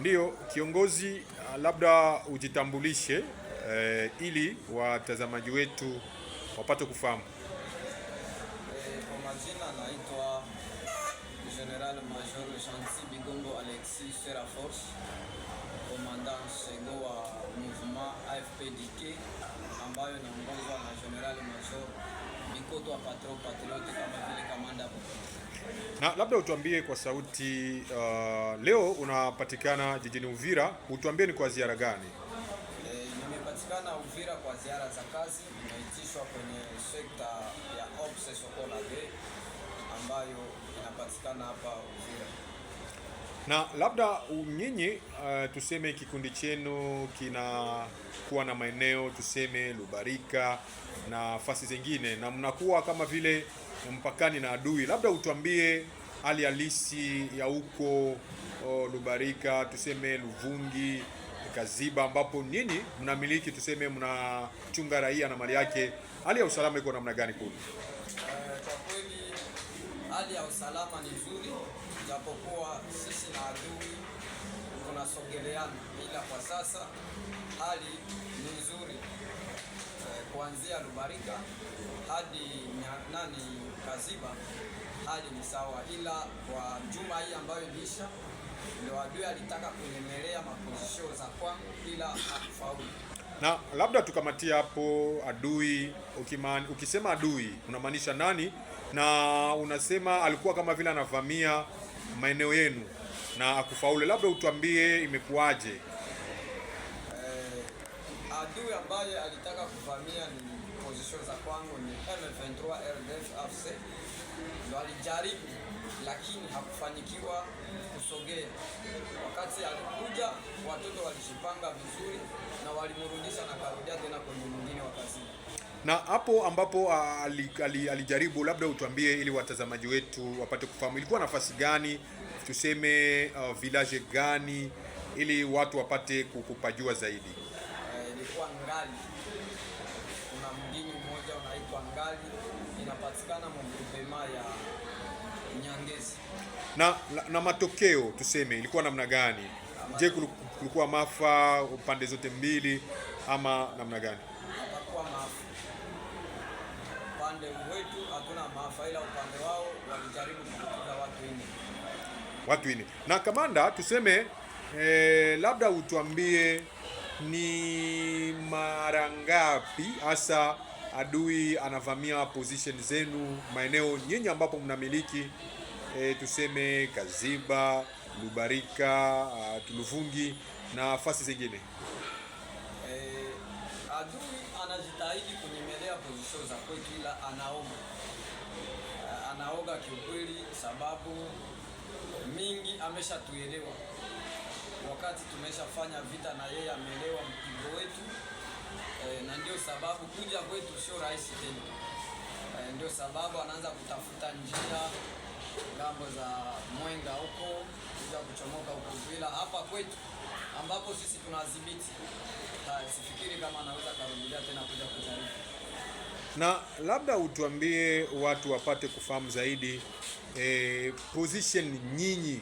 Ndiyo, kiongozi, ah, labda ujitambulishe eh, ili watazamaji wetu wapate kufahamu. Eh, kwa majina naitwa General Major Jansi bigongo Alexis Seraforce, commandant sego wa mouvement AFPDK ambayo inaongozwa na General Major Bikoto Patro Patrioti kama vile kamanda na labda utuambie kwa sauti uh, leo unapatikana jijini Uvira, utuambie ni kwa ziara gani? E, nimepatikana Uvira kwa ziara za kazi, nimeitishwa kwenye sekta ya Ops Sokolade ambayo inapatikana hapa Uvira. Na labda nyinyi uh, tuseme kikundi chenu kinakuwa na maeneo tuseme Lubarika na nafasi zingine, na mnakuwa kama vile mpakani na adui, labda utuambie hali halisi ya huko Lubarika, tuseme Luvungi, Kaziba, ambapo nyinyi mnamiliki, tuseme mnachunga raia na mali yake, hali ya usalama iko namna gani kule? Eh, kwa kweli hali ya usalama ni nzuri, japokuwa sisi na adui tunasongeleana, ila kwa sasa hali ni nzuri eh, kuanzia Lubarika hadi nani Zanzibar hali ni sawa, ila kwa juma hii ambayo iliisha ndio adui alitaka kunyemelea mapozisho za kwangu ila hakufaulu. Na labda tukamatia hapo adui. Ukimani, ukisema adui unamaanisha nani? Na unasema alikuwa kama vile anavamia maeneo yenu na akufaule, labda utuambie imekuwaje? Eh, adui ambaye alitaka kuvamia ni position za kwangu ni M23 RDF AFC, ndo alijaribu lakini hakufanikiwa kusogea. Wakati alikuja watoto walijipanga vizuri na walimrudisha na karudia tena kwenye mwingine wa kazi. Na hapo ambapo alijaribu, labda utuambie ili watazamaji wetu wapate kufahamu ilikuwa nafasi gani, tuseme uh, village gani, ili watu wapate kukupajua zaidi. Eh, ilikuwa ngali serikali inapatikana mgupema ya Nyangezi. Na, na, na matokeo tuseme ilikuwa namna gani? Na Je, kulikuwa mafa upande zote mbili ama namna gani? Hapakuwa mafa. Upande wetu hatuna mafa ila upande wao walijaribu kukuta watu wengi. Watu wengi. Na kamanda tuseme eh, labda utuambie ni mara ngapi hasa adui anavamia position zenu, maeneo nyinyi ambapo mnamiliki e, tuseme Kaziba, Lubarika, Tuluvungi na nafasi zingine e, adui anajitahidi kunyemelea position za kwetu, ila anaoga e, anaoga kiukweli, sababu mingi ameshatuelewa wakati tumeshafanya vita na yeye, ameelewa mpigo wetu eh, na ndio sababu kuja kwetu sio rahisi tena. eh, ndio sababu anaanza kutafuta njia ngambo za Mwenga huko kuja kuchomoka huko bila hapa kwetu ambapo sisi tunadhibiti. Ah, sifikiri kama anaweza karudia tena kuja kujaribu. Na labda utuambie watu wapate kufahamu zaidi e, position nyinyi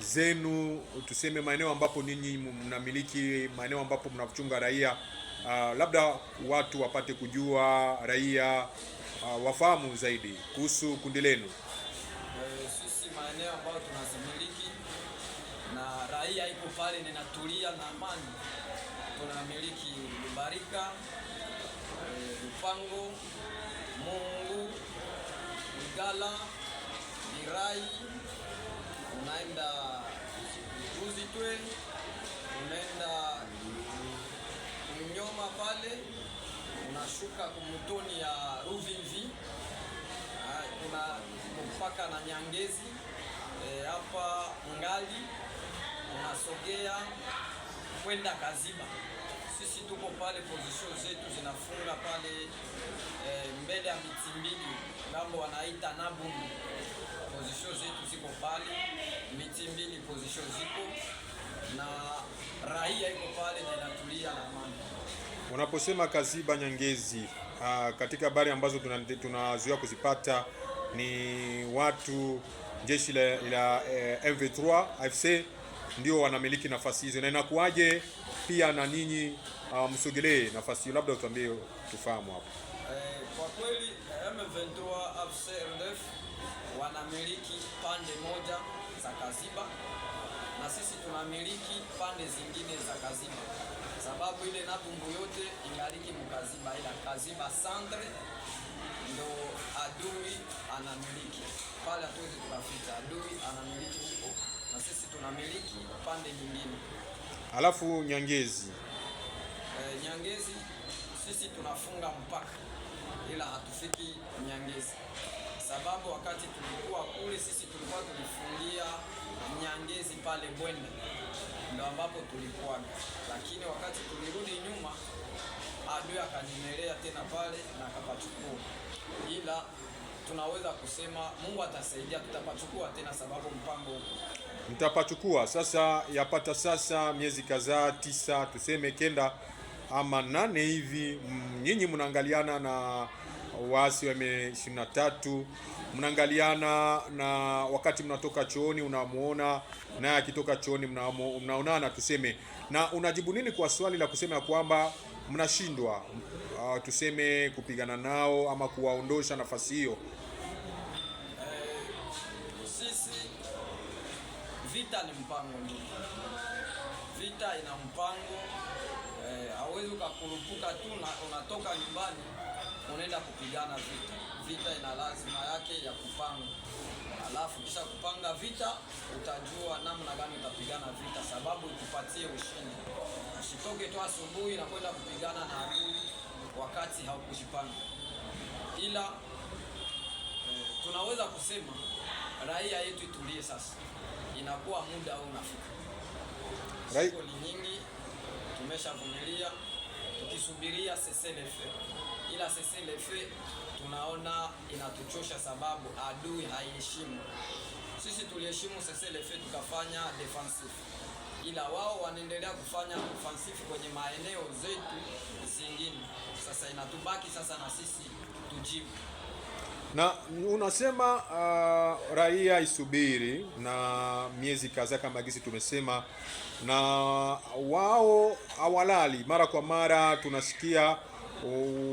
zenu tuseme, maeneo ambapo ninyi mnamiliki, maeneo ambapo mnachunga raia uh, labda watu wapate kujua, raia uh, wafahamu zaidi kuhusu kundi lenu. Eh, sisi maeneo ambayo tunazimiliki na raia iko pale ninatulia na amani, tunamiliki Lubarika, eh, Lupango, Mungu, Igala, Irai, unaenda Uzitwe, unaenda Bunyoma pale unashuka kumutoni ya Ruvimvi ah, kuna mpaka na Nyangezi eh, hapa e, Ngali unasogea kwenda Kaziba. Sisi tuko pale, position zetu zinafunga pale e, mbele ya Mitimbili, ngambo wanaita Nabundu. Position zetu ziko pale Mitimbili, position ziko na raia iko pale na inatulia na amani. Unaposema Kaziba Nyangezi, uh, ah, katika habari ambazo tunazoea kuzipata ni watu jeshi la, la eh, MV3 AFC ndio wanamiliki nafasi hizo, na inakuwaje pia na ninyi uh, msogelee nafasi hiyo, labda utuambie tufahamu hapo. Eh, kwa kweli M23 AFC wanamiliki pande moja za Kaziba na sisi tunamiliki pande zingine za Kaziba, sababu ile Nabumbu yote ingaliki mukaziba, ila Kaziba centre ndo adui anamiliki pale, hatuwezi tukafika. Adui anamiliki huko na sisi tunamiliki pande nyingine. Alafu Nyangezi e, Nyangezi sisi tunafunga mpaka, ila hatufiki Nyangezi sababu wakati tulikuwa kule sisi tulikuwa tulifungia Mnyangezi pale Bwenda ndo ambapo tulikuwaga, lakini wakati tulirudi nyuma adui akanyemelea tena pale na akapachukua, ila tunaweza kusema Mungu atasaidia, tutapachukua tena sababu mpango huko mtapachukua. Sasa yapata sasa miezi kadhaa tisa, tuseme kenda ama nane hivi, mm, nyinyi mnaangaliana na waasi wa M23, mnaangaliana na wakati mnatoka chooni, unamuona naye akitoka chooni, mnaonana tuseme. Na unajibu nini kwa swali la kusema ya kwamba mnashindwa uh, tuseme kupigana nao ama kuwaondosha nafasi hiyo? vita ni mpango, vita ina mpango, eh, hauwezi ukakurupuka tu unatoka nyumbani unaenda kupigana vita. Vita ina lazima yake ya kupanga, alafu kisha kupanga vita utajua namna gani utapigana vita, sababu ikupatie ushindi. Usitoke tu asubuhi na kwenda kupigana na adui wakati haukujipanga. Ila eh, tunaweza kusema raia yetu itulie sasa, inakuwa muda au unafika. Siku ni nyingi, tumeshavumilia tukisubiria sesele le ila sisi lefe tunaona inatuchosha, sababu adui haiheshimu sisi. Tuliheshimu sisi lefe tukafanya defensive, ila wao wanaendelea kufanya offensive kwenye maeneo zetu zingine. Sasa inatubaki sasa na sisi tujibu. Na unasema uh, raia isubiri na miezi kadhaa, kama gisi tumesema, na wao hawalali. Mara kwa mara tunasikia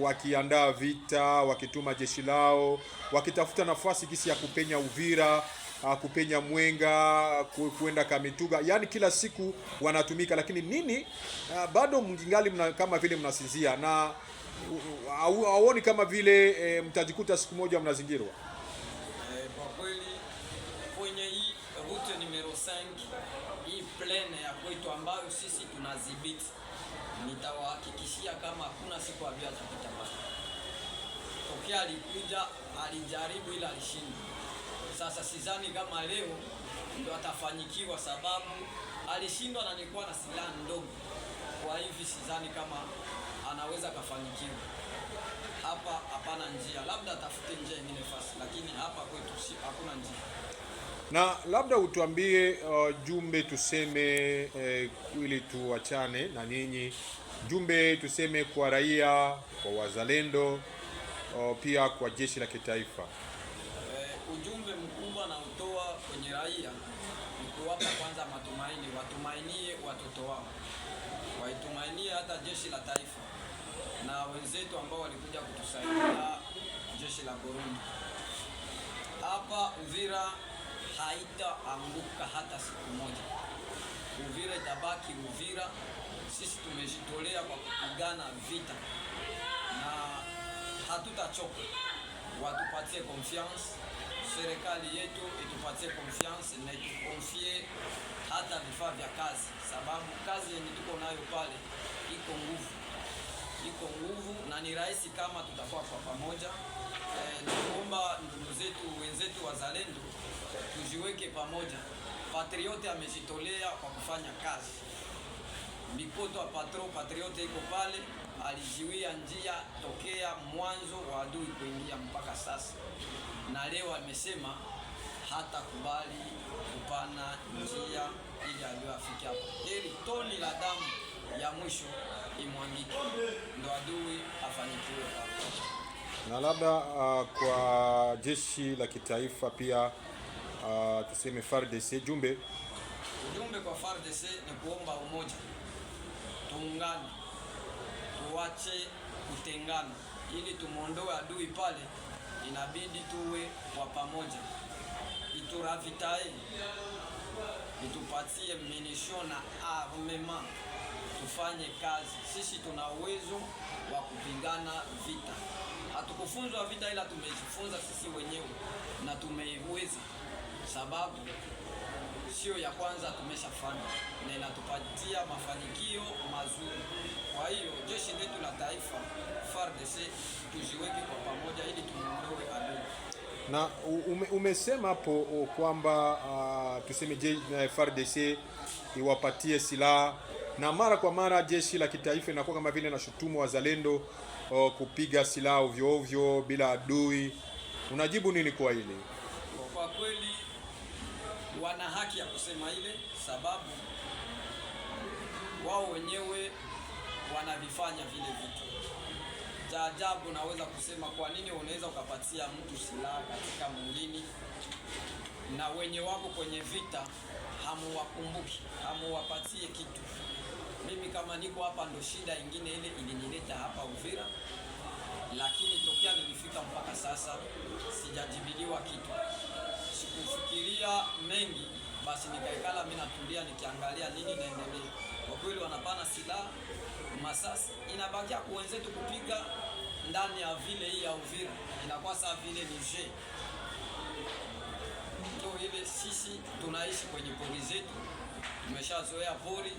wakiandaa vita, wakituma jeshi lao, wakitafuta nafasi gisi ya kupenya Uvira, kupenya Mwenga, kuenda Kamituga, yaani kila siku wanatumika. Lakini nini, bado mngingali mna, kama vile mnasinzia na hauoni kama vile e, mtajikuta siku moja mnazingirwa eh, kwa kweli kwenye hii route numero 5 hii plane ya kwetu ambayo sisi tunadhibiti najisikia kama hakuna siku Abiyo atapita mbali. Tokea alikuja alijaribu, ila alishindwa. Sasa sidhani kama leo ndio atafanyikiwa, sababu alishindwa na nilikuwa na silaha ndogo. Kwa hivi sidhani kama anaweza kafanikiwa hapa. Hapana njia, labda atafute njia nyingine fasi, lakini hapa kwetu si hakuna njia. Na labda utuambie uh, jumbe tuseme, eh, ili tuachane na nyinyi Jumbe tuseme kwa raia, kwa wazalendo, pia kwa jeshi la kitaifa. Uh, ujumbe mkubwa na utoa kwenye raia ni kuwapa kwanza matumaini, watumainie watoto wao, waitumainie hata jeshi la taifa na wenzetu ambao walikuja kutusaidia jeshi la Burundi. Hapa Uvira haitaanguka hata siku moja. Uvira itabaki Uvira. Sisi tumejitolea kwa kupigana vita na hatutachoka. Watupatie confiance, serikali yetu itupatie confiance na itukonfie hata vifaa vya kazi, sababu kazi yenye tuko nayo pale iko nguvu, iko nguvu na ni rahisi kama tutakuwa kwa pamoja. E, naomba ndugu zetu wenzetu wazalendo tujiweke pamoja. Patriote amejitolea kwa kufanya kazi mikoto wa patro Patriote iko pale, alijiwia njia tokea mwanzo wa adui kuingia mpaka sasa, na leo amesema hata kubali kupana njia ili adui afike hapo, ili toni la damu ya mwisho imwangike, ndo adui afanikiwe. Na labda uh, kwa jeshi la kitaifa pia uh, tuseme FARDC jumbe ujumbe kwa FARDC ni kuomba umoja, tuungane, tuache kutengana, ili tumwondoe adui pale. Inabidi tuwe kwa pamoja, ituravitae, itupatie minisho na armema, tufanye kazi. Sisi tuna uwezo wa kupigana vita, hatukufunzwa vita, ila tumejifunza sisi wenyewe na tumeiweza sababu sio ya kwanza tumeshafanya na inatupatia mafanikio mazuri. Kwa hiyo jeshi letu la taifa FARDC tujiweke kwa pamoja ili tumuondoe adui. Na ume, umesema hapo kwamba uh, tuseme jeshi la FARDC iwapatie silaha na mara kwa mara jeshi la kitaifa inakuwa kama vile nashutumu wazalendo uh, kupiga silaha ovyo ovyo bila adui. Unajibu nini kwa hili? Kwa kweli wana haki ya kusema ile, sababu wao wenyewe wanavifanya vile vitu. Cha ajabu naweza kusema, kwa nini unaweza ukapatia mtu silaha katika mwingini na wenye wako kwenye vita hamuwakumbuki, hamuwapatie kitu. Mimi kama niko hapa, ndo shida ingine ile ilinileta hapa Uvira, lakini tokea nilifika mpaka sasa sijajibiliwa kitu kufikiria mengi, basi nikaikala mimi natulia nikiangalia nini naendelea. Kwa kweli wanapana silaha masasi, inabakia kuwenzetu kupiga ndani ya vile hii ya Uvira, inakuwa saa vile ni je ndio ile sisi tunaishi kwenye pori zetu, tumeshazoea pori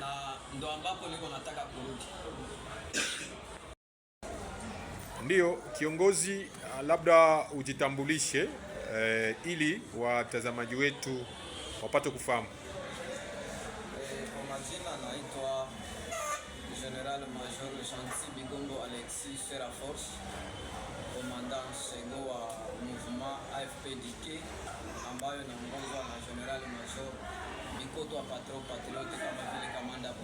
na ndo ambapo niko nataka kurudi. Ndiyo kiongozi, labda ujitambulishe eh, ili watazamaji wetu wapate kufahamu. kwa majina naitwa General Major Jansi Bigondo Alexis Fera Force, commandant sego wa mouvement AFPDK ambayo inaongozwa na General Major Bikoto Patro Patriote kama vile kamanda.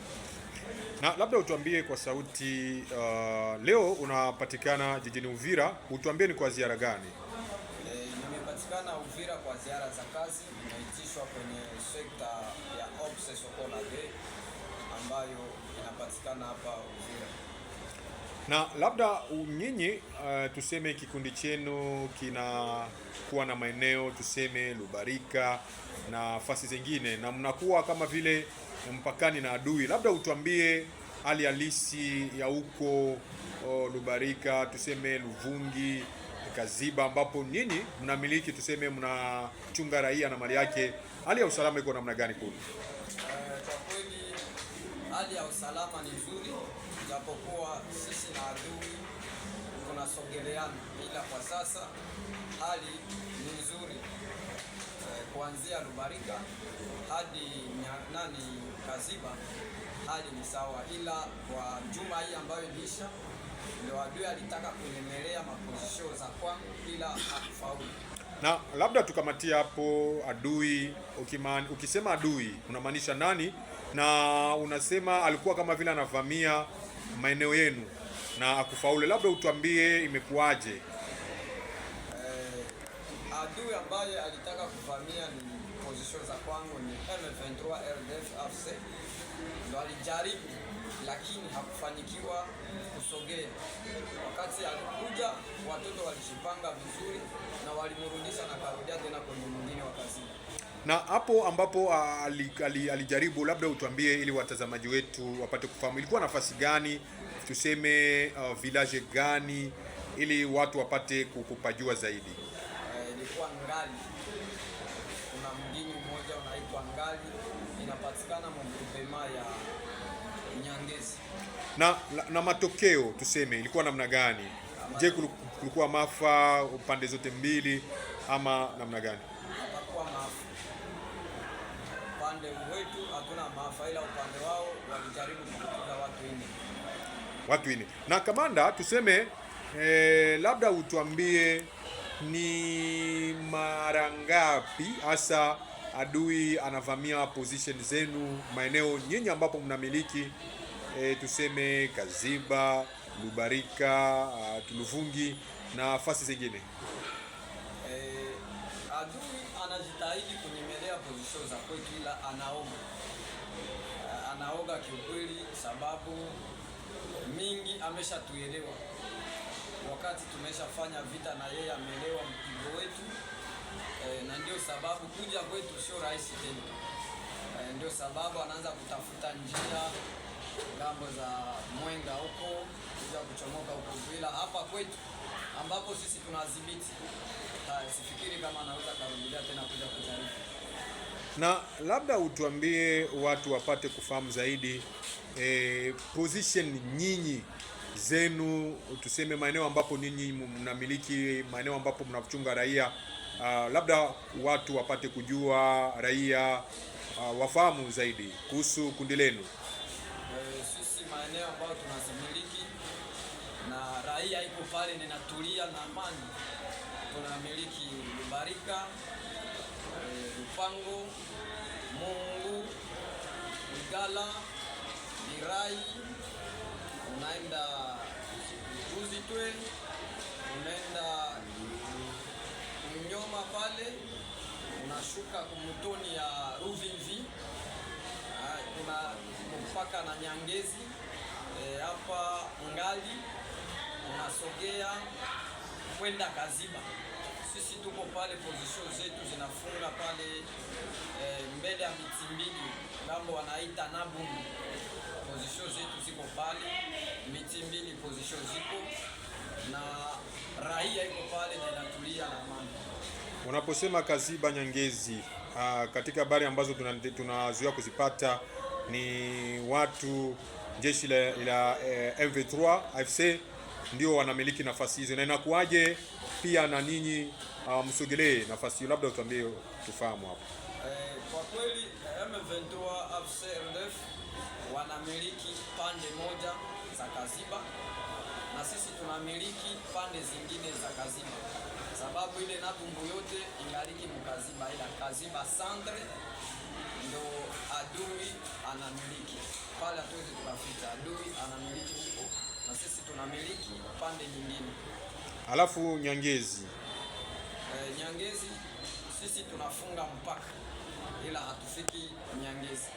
Na labda utuambie kwa sauti uh, leo unapatikana jijini Uvira, utuambie ni kwa ziara gani? Vulcana Uvira kwa ziara za kazi imeitishwa kwenye sekta ya Obse Sokola Day ambayo inapatikana hapa Uvira. Na labda nyinyi uh, tuseme kikundi chenu kinakuwa na maeneo tuseme Lubarika na nafasi zingine, na mnakuwa kama vile mpakani na adui, labda utuambie hali halisi ya huko oh, Lubarika, tuseme Luvungi Kaziba, ambapo nyinyi mnamiliki tuseme, mnachunga raia na mali yake, hali ya usalama iko namna gani kule? Eh, kwa kweli hali ya usalama ni nzuri, japokuwa sisi na adui tunasogeleana, ila kwa sasa hali ni nzuri eh, kuanzia Lubarika hadi nani Kaziba, hali ni sawa, ila kwa juma hii ambayo iliisha ndio adui alitaka kunyemelea mapozisho za kwangu bila Na labda tukamatia hapo adui. Ukimani, ukisema adui unamaanisha nani? Na unasema alikuwa kama vile anavamia maeneo yenu na akufaule, labda utuambie imekuwaje? Eh, adui ambaye alitaka kuvamia ni position za kwangu ni M23 RDF AFC, ndo alijaribu lakini hakufanikiwa kusogea. Wakati alikuja watoto walijipanga vizuri na walimrudisha na karudia tena kwenye mwingine wa kazi. na hapo ambapo alijaribu, labda utuambie, ili watazamaji wetu wapate kufahamu ilikuwa nafasi gani, tuseme uh, village gani, ili watu wapate kukupajua zaidi. Uh, ilikuwa Ngali. Kuna mgini mmoja unaitwa Ngali, inapatikana mwa grupema ya na, na, na matokeo tuseme ilikuwa namna gani? Je, kulikuwa mafa upande zote mbili ama namna gani? Upande wetu maafa, ila upande wao walijaribu kukuta watu wengi, watu wengi. Na kamanda, tuseme eh, labda utuambie ni mara ngapi hasa adui anavamia position zenu, maeneo nyinyi ambapo mnamiliki e, tuseme Kaziba, Lubarika, a, Tuluvungi na nafasi zingine e, adui anajitahidi kunyemelea position za kwetu, ila anaoga anaoga kiukweli, sababu mingi ameshatuelewa wakati tumeshafanya vita na yeye, ameelewa mpigo wetu eh, na ndio sababu kuja kwetu sio rahisi tena. eh, ndio sababu anaanza kutafuta njia ngambo za Mwenga huko kuja kuchomoka huko bila hapa kwetu ambapo sisi tunadhibiti. Ah, sifikiri kama anaweza karudia tena kuja kujaribu. Na labda utuambie watu wapate kufahamu zaidi e, position nyinyi zenu, tuseme maeneo ambapo ninyi mnamiliki, maeneo ambapo mnachunga raia uh, labda watu wapate kujua, raia uh, wafahamu zaidi kuhusu kundi lenu. Eh, sisi maeneo ambayo tunazimiliki na raia iko pale ninatulia na amani, tunamiliki Lubarika, eh, Lupango, Mungu, Igala, Birai, unaenda Uzitwe, unaenda Mnyoma pale unashuka kumutoni ya Ruvinzi, ah, kuna mpaka na Nyangezi eh, hapa e, Ngali unasogea kwenda Kaziba. Sisi tuko pale, position zetu zinafunga pale e, mbele ya miti mbili ngambo wanaita Nabundu. position zetu ziko pale miti mbili, ziko na raia iko pale na inatulia na amani. Unaposema Kaziba Nyangezi, aa, ah, katika habari ambazo tunazuia kuzipata ni watu jeshi la, la eh, MV3 AFC ndio wanamiliki nafasi hizo, na inakuwaje pia na ninyi uh, msogelee nafasi hiyo, labda utuambie tufahamu hapo. Eh, kwa kweli M23 AFC wanamiliki pande moja za Kaziba na sisi tunamiliki pande zingine za Kaziba, sababu ile nabumbu yote ingaliki mukaziba, ila Kaziba centre ndo adui anamiliki pale, hatuwezi tukafita. Adui anamiliki huko na sisi tunamiliki pande nyingine. Alafu Nyangezi e, Nyangezi sisi tunafunga mpaka, ila hatufiki Nyangezi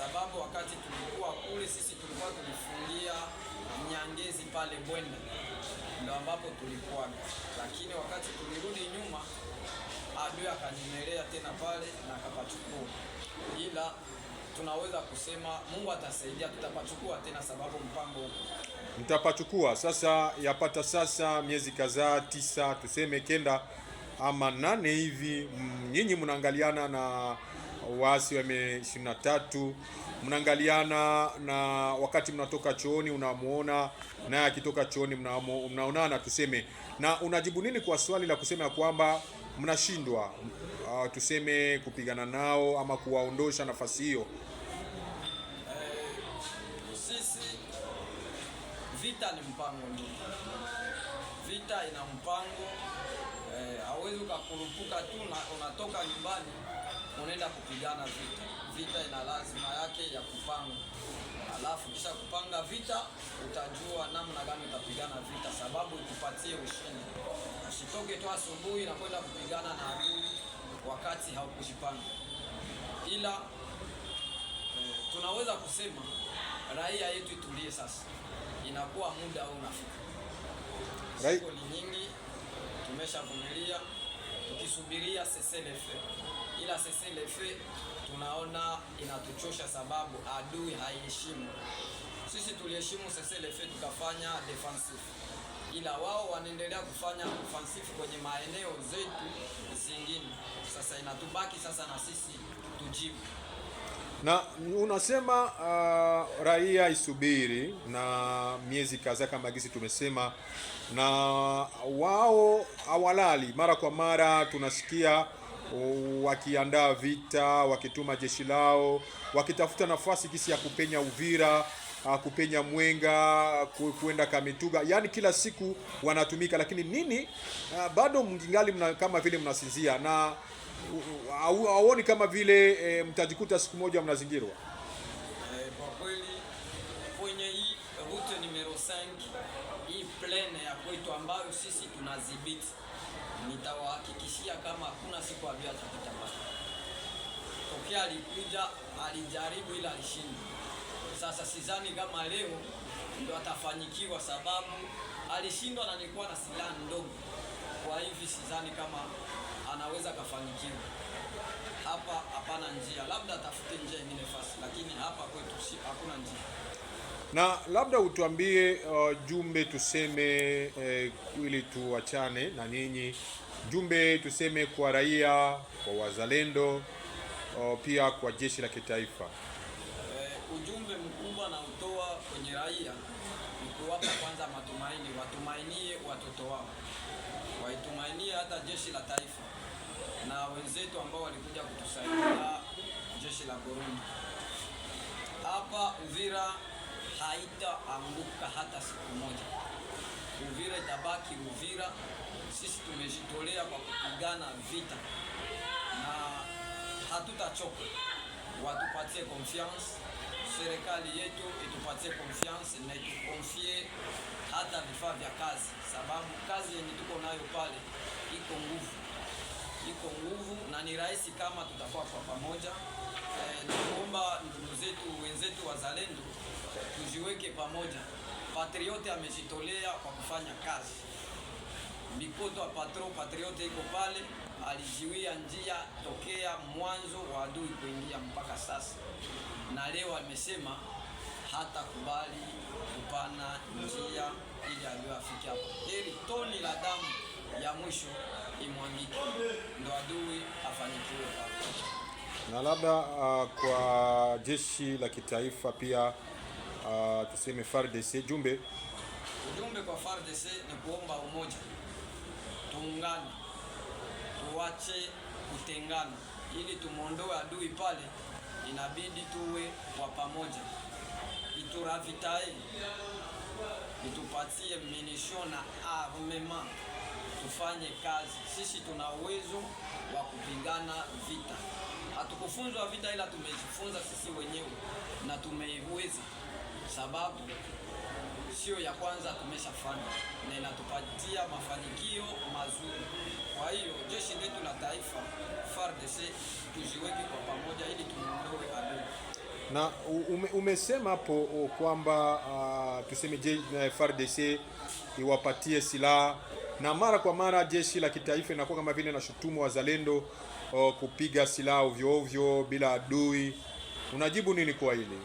sababu wakati tulikuwa kule sisi tulikuwa tulifungia Nyangezi pale Bwenda, ndo ambapo tulikuwa, lakini wakati tulirudi nyuma adui akanimelea tena pale na akapachukua, ila tunaweza kusema Mungu atasaidia, tutapachukua tena sababu mpango huko mtapachukua. Sasa yapata sasa miezi kadhaa tisa, tuseme kenda ama nane hivi, mm, nyinyi mnaangaliana na waasi wa M23, mnaangaliana na wakati mnatoka chooni, unamuona naye akitoka chooni, mnaonana tuseme. Na unajibu nini kwa swali la kusema ya kwamba mnashindwa uh, tuseme kupigana nao ama kuwaondosha nafasi hiyo? vita ni mpango, vita ina mpango huwezi ukakurupuka tu unatoka nyumbani unaenda kupigana vita. Vita ina lazima yake ya kupanga, alafu kisha kupanga vita utajua namna gani utapigana vita, sababu ikupatie ushindi. Usitoke tu asubuhi na kwenda kupigana na adui wakati haukujipanga. Ila eh, tunaweza kusema raia yetu itulie sasa, inakuwa muda au nafika, siku ni nyingi, tumeshavumilia tukisubiria cessez-le-feu, ila cessez-le-feu tunaona inatuchosha, sababu adui haiheshimu. Sisi tuliheshimu cessez-le-feu tukafanya defensive, ila wao wanaendelea kufanya offensive kwenye maeneo zetu zingine. Sasa inatubaki sasa na sisi tujibu. Na unasema uh, raia isubiri na miezi kadhaa, kama gisi tumesema, na wao hawalali. Mara kwa mara tunasikia wakiandaa vita, wakituma jeshi lao, wakitafuta nafasi gisi ya kupenya Uvira uh, kupenya Mwenga kuenda Kamituga, yaani kila siku wanatumika, lakini nini, uh, bado mngingali mna, kama vile mnasinzia na hauoni kama vile e, mtajikuta siku moja mnazingirwa? Eh, kwa kweli kwenye hii route numero 5 hii plane ya kwetu ambayo sisi tunadhibiti, nitawahakikishia kama hakuna siku avyo atapita mbali. Tokea alikuja alijaribu, ila alishindwa. Sasa sidhani kama leo ndio atafanyikiwa, sababu alishindwa na nilikuwa na silaha ndogo kwa hivi sidhani kama anaweza kafanikiwa hapa. Hapana njia, labda atafute njia nyingine fasi, lakini hapa kwetu si hakuna njia. Na labda utuambie uh, jumbe tuseme eh, ili tuachane na nyinyi, jumbe tuseme kwa raia, kwa wazalendo uh, pia kwa jeshi la kitaifa eh, ujumbe mkubwa na utoa kwenye raia ni kuwapa kwanza matumaini, watumainie watoto wao waitumainia hata jeshi la taifa na wenzetu ambao walikuja kutusaidia jeshi la Burundi. Hapa Uvira haitaanguka hata siku moja. Uvira itabaki Uvira. Sisi tumejitolea kwa kupigana vita na hatutachoka. Watupatie confiance serikali yetu itupatie confiance na itukonfie hata vifaa vya kazi, sababu kazi yenye tuko nayo pale iko nguvu, iko nguvu na ni rahisi kama tutakuwa kwa pamoja. E, eh, nakuomba ndugu zetu wenzetu wazalendo tujiweke pamoja. Patriote amejitolea kwa kufanya kazi mikoto wa patro patriote iko pale, alijiwia njia tokea mwanzo wa adui kuingia mpaka sasa, na leo amesema hata kubali kupana njia ili adui afike hapo, ili toni la damu ya mwisho imwangike, ndo adui afanikiwe hapo. Na labda uh, kwa jeshi la kitaifa pia uh, tuseme FARDC jumbe ujumbe kwa FARDC ni kuomba umoja tuungane, tuwache kutengana, ili tumwondoe adui pale. Inabidi tuwe kwa pamoja, ituravitae, itupatie minisho na armema, tufanye kazi. Sisi tuna uwezo wa kupigana vita, hatukufunzwa vita, ila tumejifunza sisi wenyewe na tumeiweza sababu sio ya kwanza tumeshafanya na inatupatia mafanikio mazuri. Kwa hiyo jeshi letu la taifa FARDC tuziweke kwa pamoja ili tumuondoe adui. Na ume, umesema hapo kwamba uh, tuseme jeshi eh, la FARDC iwapatie silaha na mara kwa mara jeshi la kitaifa inakuwa kama vile nashutumu wazalendo uh, kupiga silaha ovyo ovyo bila adui. Unajibu nini kwa hili?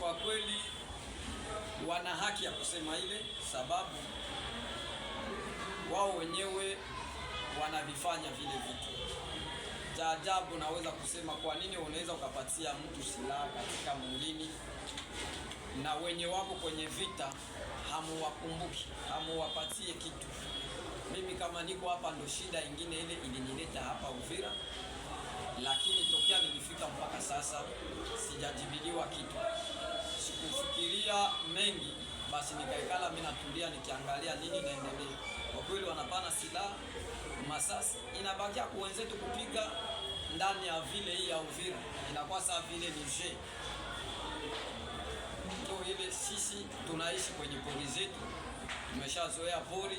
Kwa kweli wana haki ya kusema ile, sababu wao wenyewe wanavifanya vile vitu. Cha ajabu naweza kusema kwa nini unaweza ukapatia mtu silaha katika mwingini na wenye wako kwenye vita hamuwakumbuki, hamuwapatie kitu. Mimi kama niko hapa, ndo shida ingine ile ilinileta hapa Uvira, lakini tokea nilifika mpaka sasa sijajibiliwa kitu sikufikiria mengi, basi nikaikala mimi natulia, nikiangalia nini naendelea. Kwa kweli wanapana silaha masasi, inabakia kuwenzetu kupiga ndani ya vile hii ya Uvira, inakuwa saa vile ni je ndio ile sisi tunaishi kwenye pori zetu, tumeshazoea pori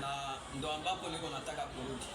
na ndo ambapo niko nataka kurudi.